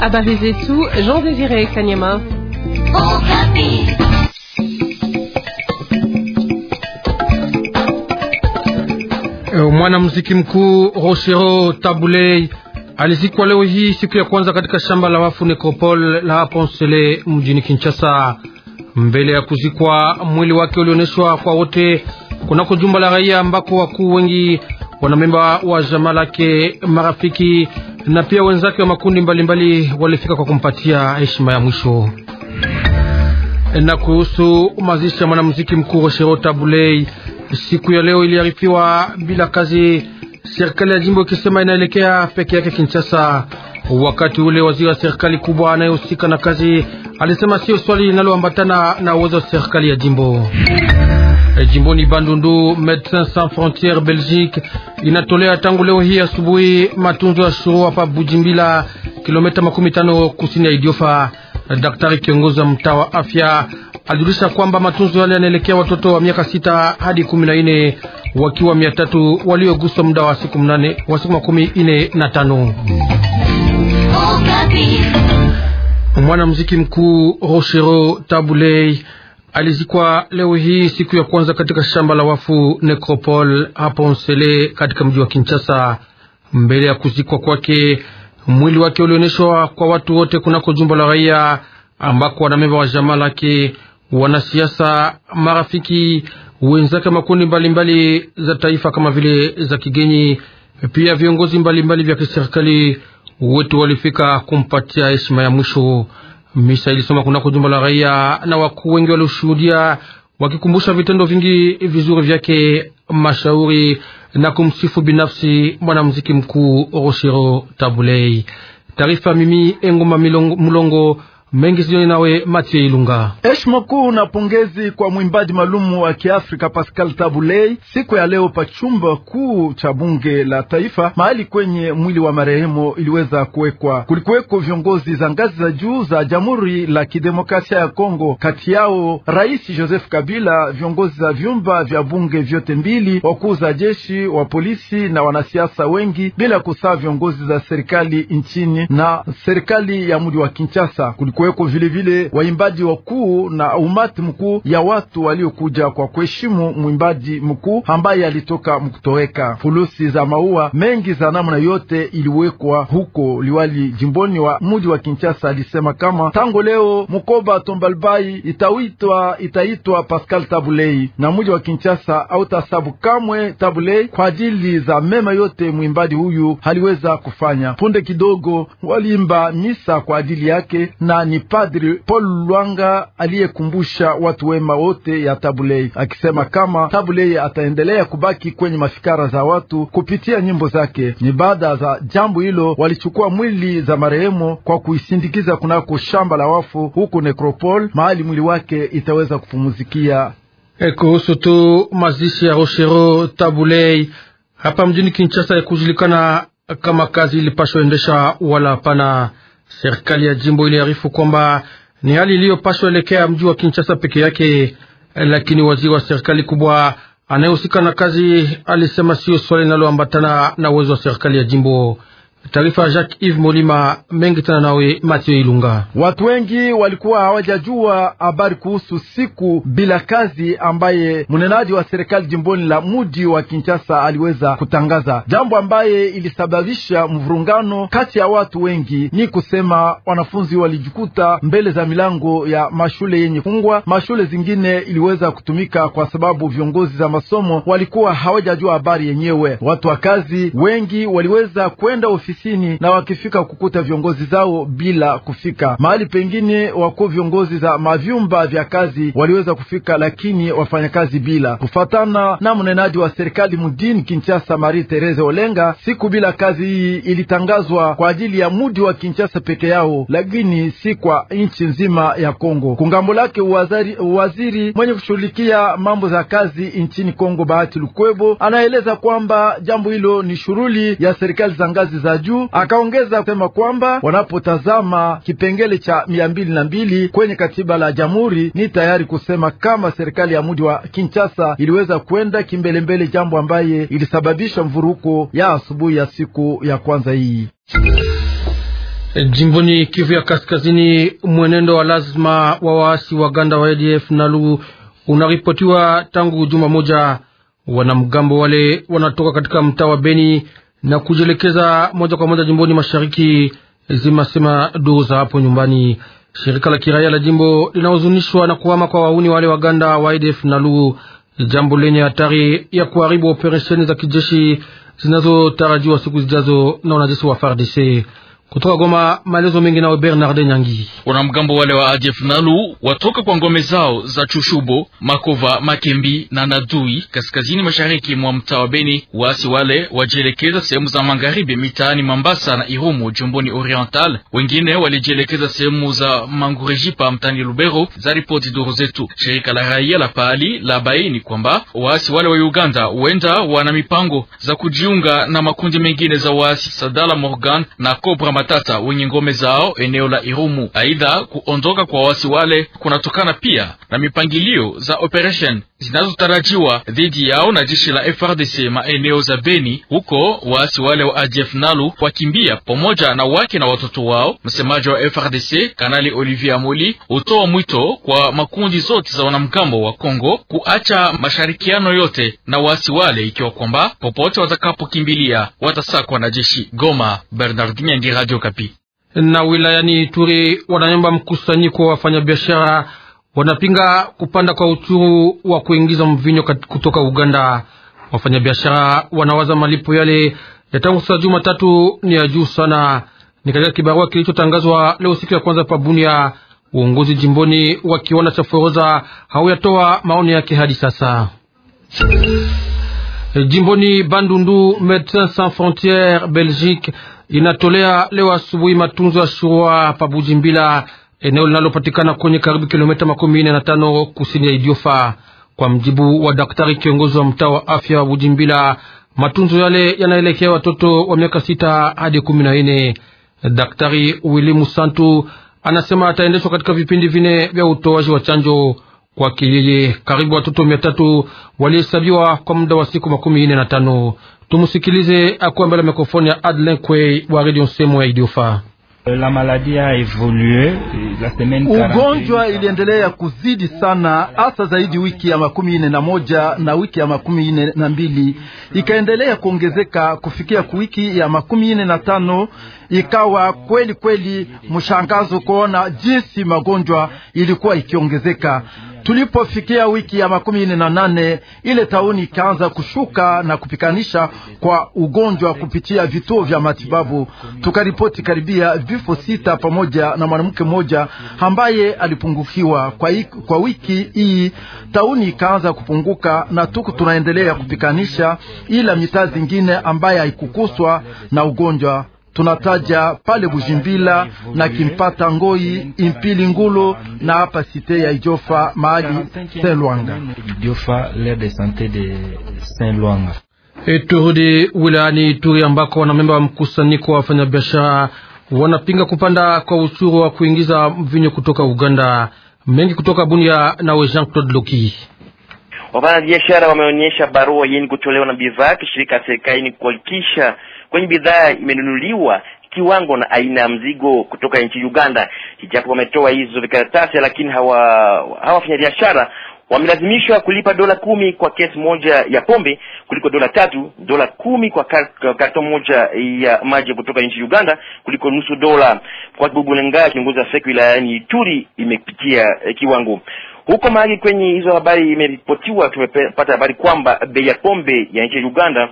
Habari zetu Jean Désiré Kanyama. Eh, mwanamuziki mkuu Rochero Tabulei alizikwa leo hii siku ya kwanza katika shamba la wafu Nekropole la Ponsele mjini Kinshasa. Mbele ya kuzikwa, mwili wake ulioneshwa kwa wote kunako jumba la raia ambako wakuu wengi wanamemba wa jamaa lake, marafiki na pia wenzake wa makundi mbalimbali mbali walifika kwa kumpatia heshima ya mwisho. Na kuhusu mazishi ya mwanamuziki mkuu Rochero Tabulei, siku ya leo iliarifiwa bila kazi, serikali ya jimbo ikisema inaelekea peke yake Kinshasa. Wakati ule waziri wa serikali kubwa anayehusika na kazi alisema sio swali linaloambatana na uwezo wa serikali ya jimbo. Eh, jimboni Bandundu, Medecins Sans Frontieres Belgique inatolea tangu leo hii asubuhi matunzo ya shurua hapa Bujimbila, kilomita makumi tano kusini ya Idiofa. Daktari kiongozi wa mtaa wa afya alijulisha kwamba matunzo yale yanaelekea watoto wa miaka sita hadi kumi na nne wakiwa mia tatu walioguswa muda wa siku mnane wa siku makumi nne na tano. Oh, Mwanamuziki mkuu Rochero Tabulei alizikwa leo hii siku ya kwanza katika shamba la wafu Necropole hapo Nsele katika mji wa Kinshasa. Mbele ya kuzikwa kwake, mwili wake ulionyeshwa kwa watu wote kunako jumba la raia, ambako wanamemba wa jamaa lake, wanasiasa, marafiki wenzake, makundi mbalimbali mbali za taifa kama vile za kigeni, pia viongozi mbalimbali mbali vya kiserikali, wote walifika kumpatia heshima ya mwisho. Misa ilisoma kunako jumba la raia na wakuu wengi walioshuhudia wakikumbusha vitendo vingi vizuri vyake, mashauri na kumsifu binafsi mwanamuziki mkuu Rochero Tabulei. Taarifa mimi Engoma Mulongo mengi sijoni nawe Matie Ilunga. Heshima kuu na pongezi kwa mwimbaji maalumu wa Kiafrika Pascal Tabulei siku ya leo pa chumba kuu cha bunge la taifa, mahali kwenye mwili wa marehemu iliweza kuwekwa. Kulikuweko viongozi za ngazi za juu za Jamhuri la Kidemokrasia ya Kongo, kati yao Rais Joseph Kabila, viongozi za vyumba vya bunge vyote mbili, wakuu za jeshi wa polisi na wanasiasa wengi, bila kusaa viongozi za serikali nchini na serikali ya mji wa Kinshasa. Kulikuwa kulikuweko vilevile waimbaji wakuu na umati mkuu ya watu waliokuja kwa kuheshimu mwimbaji mkuu ambaye alitoka mkutoweka. Fulusi za maua mengi za namna yote iliwekwa huko. Liwali jimboni wa muji wa Kinshasa alisema kama tango leo mkoba Tombalbai itawitwa itaitwa Pascal Tabulei na muji wa Kinshasa autasabu kamwe Tabulei kwa ajili za mema yote mwimbaji huyu aliweza kufanya. Punde kidogo walimba misa kwa ajili yake na ni Padri Paul Lwanga aliyekumbusha watu wema wote ya Tabulei, akisema kama Tabulei ataendelea kubaki kwenye mafikara za watu kupitia nyimbo zake. Ni baada za jambo hilo walichukua mwili za marehemu kwa kuisindikiza kunako shamba la wafu huko Necropole, mahali mwili wake itaweza kupumuzikia. E, kuhusu tu mazishi ya Rochero Tabulei hapa mjini Kinshasa, ya kujulikana kama kazi ilipashwa endesha wala hapana. Serikali ya jimbo iliarifu kwamba ni hali iliyopaswa elekea mji wa Kinshasa peke yake, lakini waziri wa serikali kubwa anayehusika na kazi alisema sio swali linaloambatana na uwezo wa serikali ya jimbo. Taarifa Jacques Yves Molima mengi tena nawe Mathieu Ilunga. Watu wengi walikuwa hawajajua habari kuhusu siku bila kazi ambaye mnenaji wa serikali jimboni la muji wa Kinshasa aliweza kutangaza, jambo ambaye ilisababisha mvurungano kati ya watu wengi. Ni kusema wanafunzi walijikuta mbele za milango ya mashule yenye kungwa mashule zingine iliweza kutumika kwa sababu viongozi za masomo walikuwa hawajajua habari yenyewe. Watu wa kazi wengi waliweza kwenda ofisi ofisini na wakifika kukuta viongozi zao bila kufika mahali pengine. Wako viongozi za mavyumba vya kazi waliweza kufika, lakini wafanyakazi bila kufatana. Na mnenaji wa serikali mjini Kinshasa, Marie Therese Olenga, siku bila kazi hii ilitangazwa kwa ajili ya mudi wa Kinshasa peke yao, lakini si kwa nchi nzima ya Kongo. Kungambo lake uwazari, uwaziri mwenye kushughulikia mambo za kazi nchini Kongo Bahati Lukwebo anaeleza kwamba jambo hilo ni shughuli ya serikali za ngazi za juu. Akaongeza kusema kwamba wanapotazama kipengele cha mia mbili na mbili kwenye katiba la jamhuri, ni tayari kusema kama serikali ya mji wa Kinshasa iliweza kwenda kimbelembele, jambo ambaye ilisababisha mvuruko ya asubuhi ya siku ya kwanza hii. Jimboni Kivu ya Kaskazini, mwenendo wa lazima wa waasi wa ganda wa ADF NALU unaripotiwa tangu juma moja. Wanamgambo wale wanatoka katika mtaa wa Beni na kujielekeza moja kwa moja jimboni mashariki, zimasema duru za hapo nyumbani. Shirika la kiraia la jimbo linahuzunishwa na kuhama kwa wauni wale waganda wa IDF na Nalu, jambo lenye hatari ya kuharibu operesheni za kijeshi zinazotarajiwa siku zijazo na wanajeshi wa FARDC. Kutoka Goma, maelezo mengi nawe Bernard Nyangi. Wanamgambo wale wa ADF Nalu watoka kwa ngome zao za Chushubo, Makova, Makembi na Nadui kaskazini mashariki mwa mtaa wa Beni. Waasi wale wajielekeza sehemu za magharibi mitaani Mambasa na Irumu jumboni Oriental, wengine walijielekeza sehemu za Mangurejipa mtaani Lubero, za ripoti duru zetu. Shirika la raia la pahali la baini kwamba waasi wale wa Uganda huenda wana mipango za kujiunga na makundi mengine za waasi Sadala Morgan na Cobra matata wenye ngome zao eneo la Irumu. Aidha, kuondoka kwa wasi wale kunatokana pia na mipangilio za operation zinazotarajiwa dhidi yao na jeshi la FRDC maeneo za Beni. Huko waasi wale wa ADF Nalu wakimbia pamoja na wake na watoto wao. Msemaji wa FRDC Kanali Olivier Amoli hutoa mwito kwa makundi zote za wanamgambo wa Kongo kuacha mashirikiano yote na waasi wale, ikiwa kwamba popote watakapokimbilia watasakwa na jeshi. Goma, Bernard Nyangi, Radio Kapi. Na wilayani Ituri wananyomba mkusanyiko wa wafanyabiashara wanapinga kupanda kwa uchuru wa kuingiza mvinyo kutoka Uganda. Wafanyabiashara wanawaza malipo yale ya tangu saa tatu ni ya juu sana. Ni katika kibarua kilichotangazwa leo siku ya kwanza pa Bunia. Uongozi jimboni wa kiwanda cha Foroza hauyatoa maoni yake hadi sasa. E, jimboni Bandundu, Medecins Sans Frontieres Belgique inatolea leo asubuhi matunzo ya shurua pa Bujimbila eneo linalopatikana kwenye karibu kilomita makumi ine na tano kusini ya Idiofa. Kwa mjibu wa daktari kiongozi wa mtaa wa afya wa Bujimbila, matunzo yale yanaelekea watoto wa miaka sita hadi kumi na nne. Daktari Wilimu Santu anasema ataendeshwa katika vipindi vine vya utoaji wa chanjo. kwa kiyeye. karibu watoto mia tatu walihesabiwa kwa muda wa siku makumi ine na tano. Tumusikilize akuwa mbele ya mikrofoni ya Adlen Kwey wa redio Nsemo ya Idiofa. Euh, la maladie a evolue, la semaine ugonjwa iliendelea kuzidi sana, hasa zaidi wiki ya makumi ine na moja na wiki ya makumi ine na mbili ikaendelea kuongezeka kufikia kuwiki ya makumi ine na tano. Ikawa kweli kweli mshangazo kuona jinsi magonjwa ilikuwa ikiongezeka Tulipofikia wiki ya makumi ine na nane ile tauni ikaanza kushuka na kupikanisha kwa ugonjwa kupitia vituo vya matibabu, tukaripoti karibia vifo sita pamoja na mwanamke mmoja ambaye alipungukiwa kwa, kwa wiki hii tauni ikaanza kupunguka, na tuku tunaendelea kupikanisha, ila mitaa zingine ambaye haikukuswa na ugonjwa tunataja pale Buzimbila na Kimpata, Ngoi, Impili, Ngulu na hapa site ya Ijofa mahali Saint Luanga. E, turudi wilayani Turi ambako wanamemba wa mkusanyiko wa wafanyabiashara wanapinga kupanda kwa ushuru wa kuingiza mvinyo kutoka Uganda. Mengi kutoka Bunia nawe Jean Claude Loki. Wafanyabiashara wameonyesha barua yeni kutolewa na bivaki shirika ya serikali kuhakikisha kwenye bidhaa imenunuliwa kiwango na aina ya mzigo kutoka nchi Uganda. Ijapo wametoa hizo vikaratasi, lakini hawa biashara wamelazimishwa kulipa dola kumi kwa kesi moja ya pombe kuliko dola tatu, dola kumi kwa karton moja ya maji kutoka nchi Uganda kuliko nusu dola. Kwa sababu Lenga, kiongozi wa SEC wilayani Ituri, imepitia eh, kiwango huko Mahagi. Kwenye hizo habari imeripotiwa, tumepata habari kwamba bei ya pombe ya nchi ya Uganda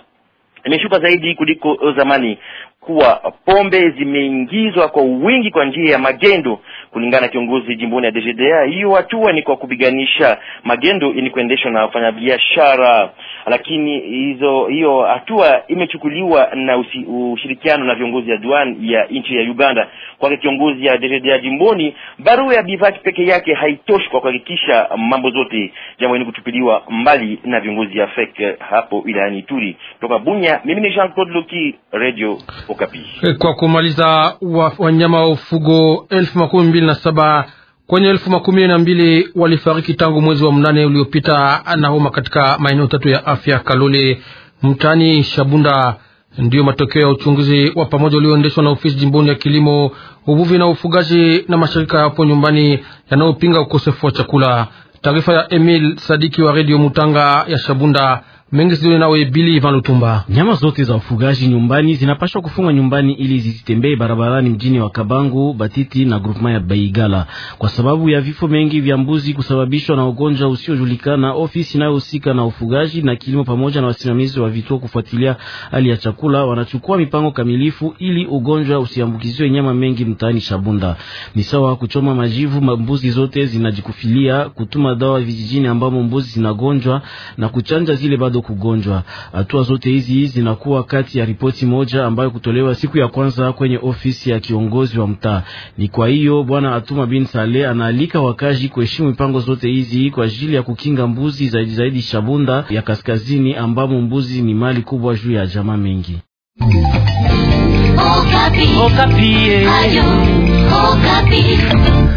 imeshuka zaidi kuliko eh, zamani kuwa pombe zimeingizwa kwa wingi kwa njia ya magendo. Kulingana na kiongozi jimboni ya DGDA, hiyo hatua ni kwa kupiganisha magendo ni kuendeshwa na wafanyabiashara, lakini hizo hiyo hatua imechukuliwa na usi, ushirikiano na viongozi ya duan ya nchi ya Uganda. Kwake kiongozi ya DGDA jimboni, barua ya bivaki peke yake haitoshi kwa kuhakikisha mambo zote, jambo ni kutupiliwa mbali na viongozi ya FEC hapo ila ni Ituri. Toka Bunya, mimi ni Jean Claude Loki, Radio Okapi. Eh, kwa kumaliza, wanyama wa ufugo elfu makumi mbili na saba kwenye elfu makumi na mbili walifariki tangu mwezi wa mnane uliopita na homa katika maeneo tatu ya afya Kalole, mtani Shabunda. Ndiyo matokeo ya uchunguzi wa pamoja ulioendeshwa na ofisi jimboni ya kilimo, uvuvi na ufugaji na mashirika hapo nyumbani yanayopinga ukosefu wa chakula. Taarifa ya Emil Sadiki wa redio Mutanga ya Shabunda mengi sio nawe bili Ivan Lutumba. Nyama zote za ufugaji nyumbani zinapashwa kufungwa nyumbani ili zisitembee barabarani mjini wa Kabangu, Batiti na groupement ya Baigala kwa sababu ya vifo mengi vya mbuzi kusababishwa na ugonjwa usiojulikana. Ofisi inayohusika na ufugaji na kilimo pamoja na wasimamizi wa vituo kufuatilia hali ya chakula wanachukua mipango kamilifu ili ugonjwa usiambukiziwe nyama mengi mtaani Shabunda. Ni sawa kuchoma majivu mbuzi zote zinajikufilia, kutuma dawa vijijini ambamo mbuzi zinagonjwa na kuchanja zile bado kugonjwa. Hatua zote hizi zinakuwa kati ya ripoti moja ambayo kutolewa siku ya kwanza kwenye ofisi ya kiongozi wa mtaa. Ni kwa hiyo bwana Atuma bin Sale anaalika wakazi kuheshimu mipango zote hizi kwa ajili ya kukinga mbuzi, zaidi zaidi Shabunda ya kaskazini ambamo mbuzi ni mali kubwa juu ya jamaa mengi. Okapi. Okapi. Eh. Ayo. Okapi.